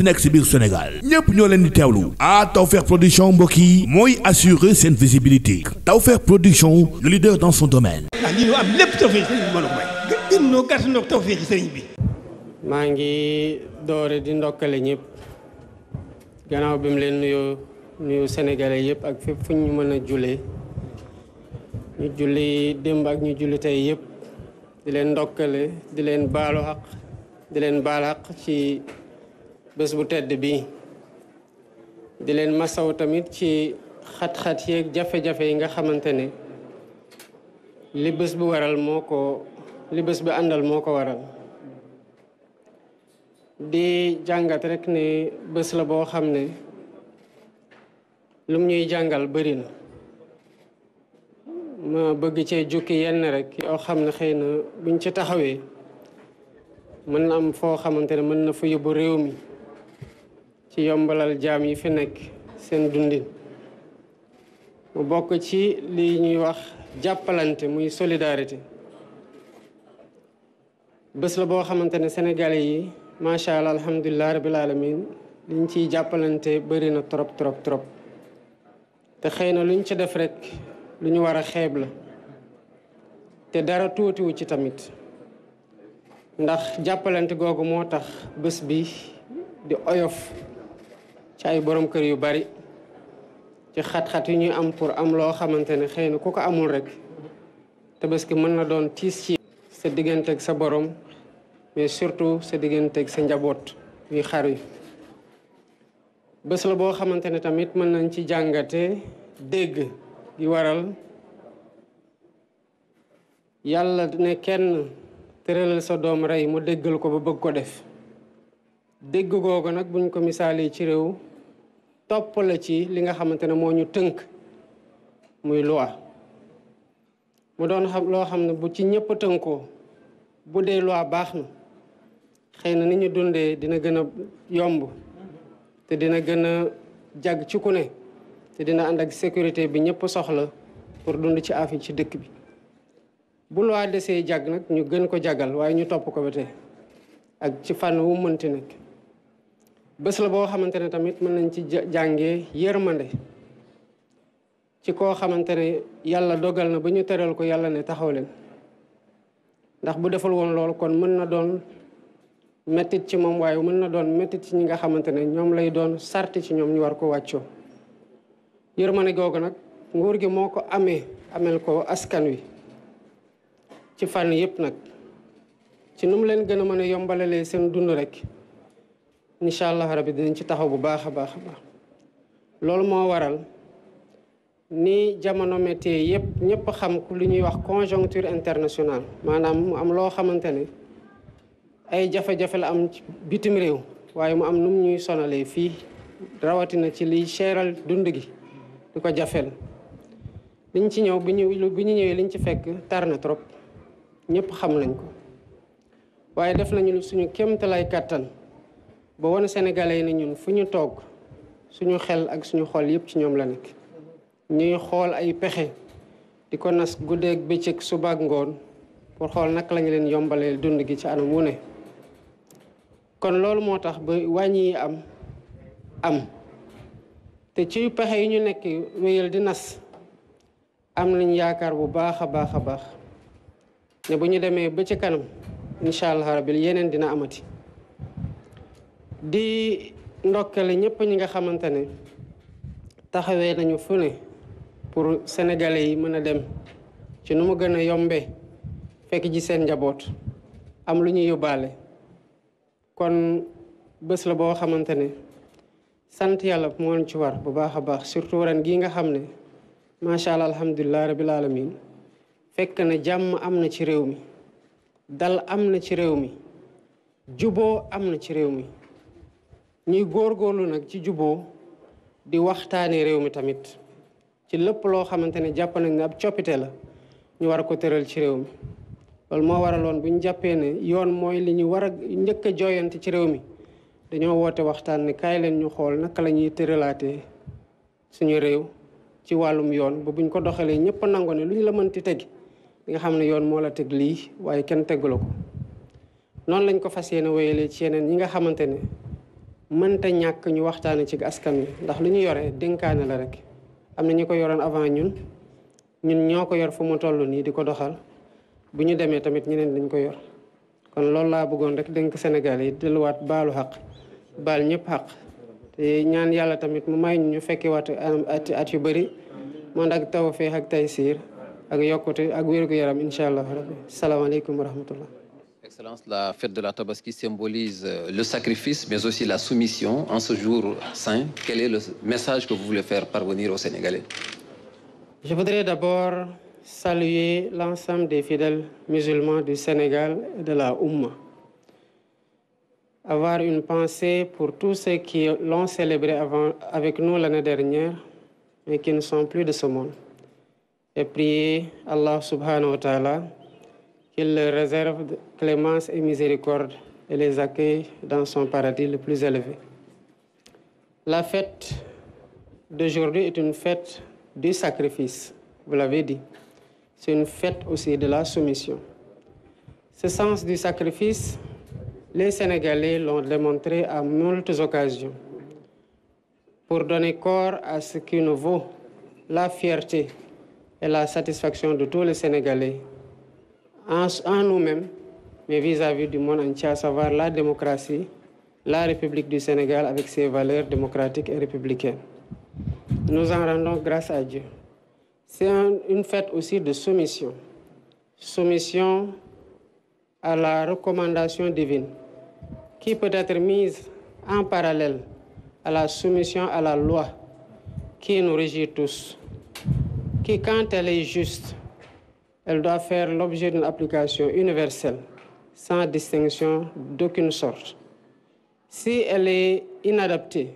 munti nekk si biir Sénégal ñépp ñoo leen di teewlu ah Tawfekh production mbokk yi mooy assurer seen visibilité Tawfekh production le leader dans son domaine. ah lii ñu am lépp Tawfekh sëriñ bi mën a maa ngi doore di ndokkale ñëpp gannaaw bi mu leen nuyoo nuyu sénégalais yëpp ak fépp fu ñu mën a jullee ñu julli démb ak ñu julli tey yëpp di leen ndokkale di leen baalu xaq di leen baal ci. bés bu tedd bii di leen masaw tamit ci xat-xat yeeg jafe-jafe yi nga xamante ne li bés bu waral moo ko li bés bu àndal moo ko waral di jàngat rekk ne bés la boo xam ne lum ñuy jàngal bëri na ma bëgg cee jukki yenn rek yoo xam ne xëy na buñ ci taxawee mën na am foo xamante ne mën na fa yóbbu réew mi ci yombalal jaam yi fi nekk seen dundin mu bokk ci li ñuy wax jàppalante muy solidarité bés la boo xamante ne sénégalais yi macha allah alhamdulilah rabil alamin liñ ciy jàppalante bëri na trop trop trop te xëy na luñ ci def rekk lu ñu war a xeeb la te dara tuutiwu ci tamit ndax jàppalante googu moo tax bés bi di oyof ci ay borom kër yu bari ci xat-xat yu ñuy am pour am loo xamante ne xëy na ku ko amul rek tabaski mën na doon tiis ci sa digganteeg sa boroom mais surtout sa digganteeg sa njaboot yu xar yi bés la boo xamante ne tamit mën nañ ci jàngate dégg gi waral yàlla ne kenn tëralal sa doom rey mu déggal ko ba bëgg ko def dégg googu nag buñ ko misaalee ci réew topp la ci li nga xamante ne moo ñu tënk muy loi mu doon xam loo xam ne bu ci ñëpp tënkoo bu dee loi baax na xëy na ni ñu dundee dina gën a yomb te dina gën a jàgg ci ku ne te dina ànd ak sécurité bi ñëpp soxla pour dund ci affaire ci dëkk bi bu loi desee jàgg nag ñu gën ko jàggal waaye ñu topp ko ba tey ak ci fànn wu mënti nag bés la boo xamante ne tamit mën nañ ci jàngee yërmande ci koo xamante ne yàlla dogal na ba ñu teral ko yàlla ne taxaw leen ndax bu deful woon loolu kon mën na doon mettit ci moom waaye mën na doon mettit ci ñi nga xamante ne ñoom lay doon sarti ci ñoom ñu war ko wàccoo yërmande googu nag nguur gi moo ko amee ameel ko askan wi ci fànn yëpp nag ci nu leen gën a mën a yombalalee seen dund rek incha allah rabbi dinañ ci taxaw bu baax a baax baax loolu moo waral ni jamono métier yëpp ñëpp xam li ñuy wax conjoncture internationale maanaam mu am loo xamante ne ay jafe-jafe la am ci bitim réew waaye mu am nu mu ñuy sonalee fii rawatina ci liy seeral dund gi du ko jafeel liñ ci ñëw bi ñu bi ñu ñëwee liñ ci fekk tar na trop ñëpp xam lañ ko waaye def nañu suñu kéemtalaay kàttan ba won Sénégalais yi ne ñun fu ñu toog suñu xel ak suñu xool yëpp ci ñoom la nekk ñuy xool ay pexe di ko nas guddeeg bëccëg suba ak ngoon pour xool naka lañu leen yombalee dund gi ci anam wu ne kon loolu moo tax ba wàññi am am te ci pexe yi ñu nekk wéyal di nas am nañ yaakaar bu baax a baax a baax ne bu ñu demee ba ci kanam incha allah rabil yeneen dina amati di ndokkale ñëpp ñi nga xamante ne taxawee nañu fu ne pour sénégalais yi mën a dem ci nu mu gën a yombee fekk ji seen njaboot am lu ñuy yóbbaale kon bés la boo xamante ne sant yàlla moo ci war bu baax a baax surtout ren gii nga xam ne macha allah alhamdulilah rabil alamin fekk na jàmm am na ci réew mi dal am na ci réew mi juboo am na ci réew mi ñuy góor góorgóorlu nag ci juboo di waxtaanee réew mi tamit ci lëpp loo xamante ne jàpp nañ ne ab coppite la ñu war a ko tëral ci réew mi loolu moo waraloon bu ñu jàppee ne yoon mooy li ñu war a njëkk a jooyante ci réew mi dañoo woote waxtaan ne kaay leen ñu xool naka la ñuy tëralaatee suñu réew ci wàllum yoon ba buñ ko doxalee ñëpp nango ne lu ñu la mënti teg nga xam ne yoon moo la teg lii waaye kenn teggu la ko noonu lañ ko fas yéene wéyalee ci yeneen ñi nga xamante ne mënta ñàkk ñu waxtaane ci askan wi ndax lu ñu yore dénkaane la rek am na ñi ko yoroon avant ñun ñun ñoo ko yor fu mu toll nii di ko doxal bu ñu demee tamit ñu ñeneen dañ ko yor kon loolu laa bëggoon rek dénk senegal yi delluwaat baalu xaq baal ñëpp xaq te ñaan yàlla tamit mu may ñu fekkiwaat at at yu bëri man ak tawfeex ak taysiir ak yokkute ak wér-gu-yaram incha allah rabbi salaamaaleykum wa rahmatullah Excellence, la fête de la Tabaski symbolise euh, le sacrifice, la soumission en ce jour le message que vous voulez faire parvenir aux Sénégalais Je voudrais d'abord saluer l'ensemble des fidèles musulmans du Sénégal et de la Oumma. Avoir une pensée pour tous ceux qui l'ont célébré avant, avec nous l'année dernière, mais qui ne sont plus de ce monde. Et prier Allah subhanahu wa ta'ala qu'il leur réserve de et miséricorde et les accueille dans son paradis le plus élevé. La fête d'aujourd'hui est une fête du sacrifice, vous l'avez dit. C'est une fête aussi de la soumission. Ce sens du sacrifice, les Sénégalais l'ont démontré à multes occasions pour donner corps à ce qui nous vaut la fierté et la satisfaction de tous les Sénégalais en, en nous-mêmes, mais vis-à-vis -vis du monde entier, à savoir la démocratie, la République du Sénégal avec ses valeurs démocratiques et républicaines. Nous en rendons grâce à Dieu. C'est un, une fête aussi de soumission. Soumission à la recommandation divine, qui peut être mise en parallèle à la soumission à la loi qui nous régit tous, qui, quand elle est juste, Elle doit faire l'objet d'une application universelle, sans distinction d'aucune sorte. Si elle est inadaptée,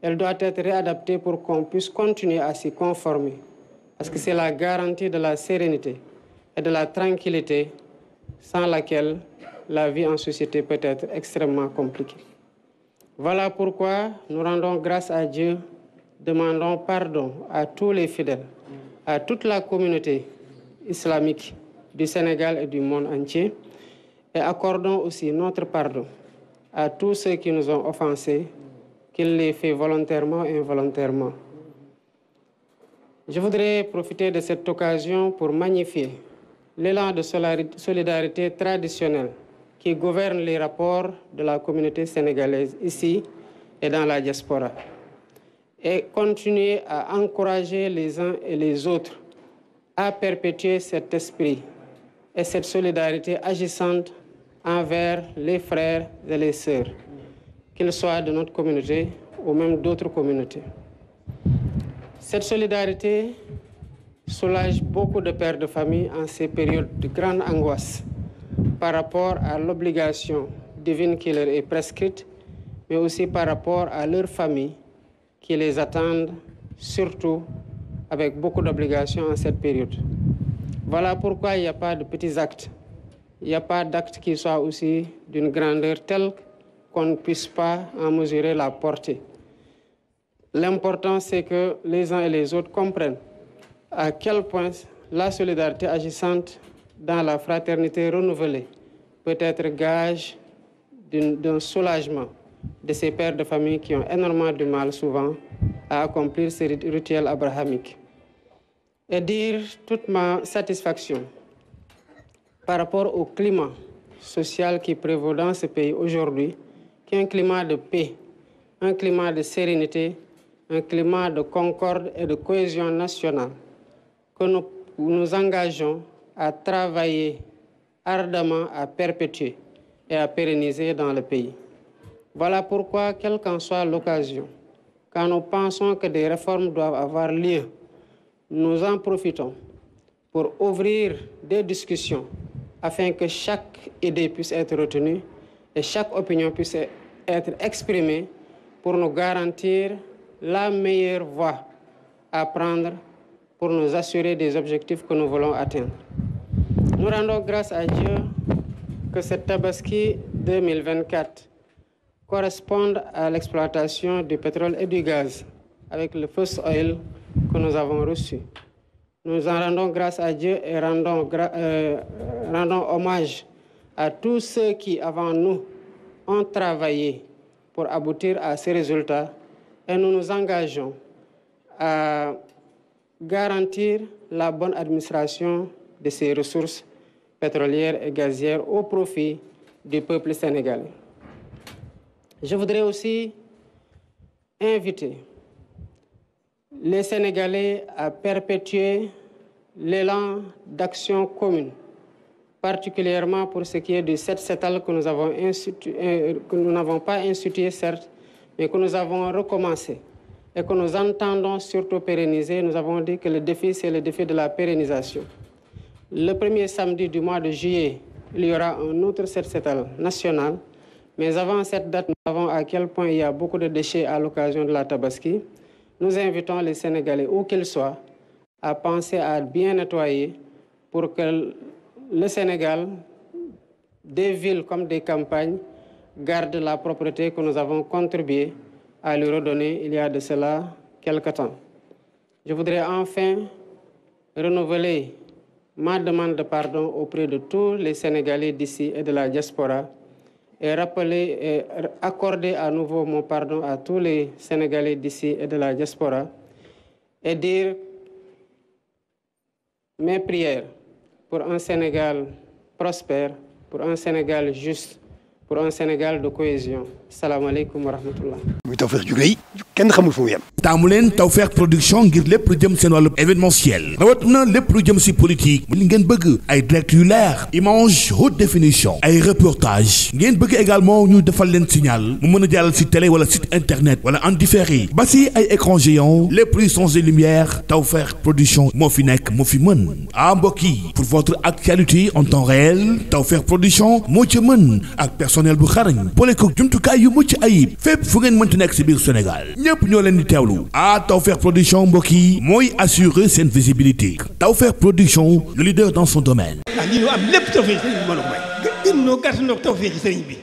elle doit être réadaptée pour qu'on puisse continuer à s'y conformer, parce que c'est la garantie de la sérénité et de la tranquillité sans laquelle la vie en société peut être extrêmement compliquée. Voilà pourquoi nous rendons grâce à Dieu, demandons pardon à tous les fidèles, à toute la communauté islamique du Sénégal et du monde entier, et accordons aussi notre pardon à tous ceux qui nous ont offensés, qu'ils l'aient fait volontairement et involontairement. Je voudrais profiter de cette occasion pour magnifier l'élan de solidarité traditionnelle qui gouverne les rapports de la communauté sénégalaise ici et dans la diaspora et continuer à encourager les uns et les autres à perpétuer cet esprit et cette solidarité agissante envers les frères et les sœurs, qu'ils soient de notre communauté ou même d'autres communautés. Cette solidarité soulage beaucoup de pères de famille en ces périodes de grande angoisse par rapport à l'obligation divine qui leur est prescrite, mais aussi par rapport à leurs familles qui les attendent, surtout avec beaucoup d'obligations en cette période. Voilà pourquoi il n'y a pas de petits actes. Il n'y a pas d'actes qui soient aussi d'une grandeur telle qu'on ne puisse pas en mesurer la portée. L'important, c'est que les uns et les autres comprennent à quel point la solidarité agissante dans la fraternité renouvelée peut être gage d'un soulagement de ces pères de famille qui ont énormément de mal souvent à accomplir ce rituel abrahamique et dire toute ma satisfaction par rapport au climat social qui prévaut dans ce pays aujourd'hui, qui est un climat de paix, un climat de sérénité, un climat de concorde et de cohésion nationale, que nous nous engageons à travailler ardemment à perpétuer et à pérenniser dans le pays. Voilà pourquoi, quelle qu'en soit l'occasion, quand nous pensons que des réformes en profitons pour ouvrir des discussions afin que chaque idée puisse être retenue chaque opinion puisse être exprimée pour nous garantir la meilleure voie à prendre pour nous assurer des objectifs que nous voulons atteindre. correspondent à l'exploitation du pétrole et du gaz avec le first oil que nous avons reçu. Nous en rendons grâce à Dieu et rendons, euh, rendons hommage à tous ceux qui, avant nous, ont travaillé pour aboutir à ces résultats et nous nous engageons à garantir la bonne administration de ces ressources pétrolières et gazières au profit du peuple sénégal Je voudrais aussi inviter les Sénégalais à perpétuer l'élan d'action commune, particulièrement pour ce qui est du 7 setal que nous avons institué, euh, que nous n'avons pas institué certes, mais que nous avons recommencé et que nous entendons surtout pérenniser. Nous avons dit que le défi, c'est le défi de la pérennisation. Le premier samedi du mois de juillet, il y aura un autre 7 setal national, mais avant cette date, à quel point il y a beaucoup de déchets à l'occasion de la Tabaski, nous invitons les Sénégalais, où qu'ils soient, à penser à bien nettoyer pour que le Sénégal, des villes comme des campagnes, garde la propreté que nous avons contribué à lui redonner il y a de cela quelque temps. Je voudrais enfin renouveler ma demande de pardon auprès de tous les Sénégalais d'ici et de la diaspora et rappeler et accorder à nouveau mon pardon à tous les Sénégalais d'ici et de la diaspora est dire mes prières pour un Sénégal prospère, pour un Sénégal juste, pour Sénégal de cohésion salaamaaleykum wa rahmatullah. muy Tawfekh jugee kenn xamul fu mu yem. taamu leen Tawfekh production ngir lépp lu jëm seen wàllu événementiel rawat na lépp lu jëm si politique mu li ngeen bëgg ay direct yu leer image haute définition ay reportage ngeen bëgg également ñu defal leen signal mu mën a jàllal si télé wala site internet wala en différé ba si ay écran géant lépp luy changé lumière Tawfekh production moo fi nekk moo fi mën ah mbokk yi pour votre actualité en temps réel Tawfekh production moo ci mën personnel bu xarañ boole ko jumtukaay yu mucc ayib fépp fu ngeen mënti nekk si biir Sénégal ñépp ñoo leen di teewlu ah Tawfekh production mbokk yi mooy assurer seen visibilité Tawfekh production le leader dans son domaine. ah lii ñu am lépp Tawfekh sëriñ bi mën a may. gën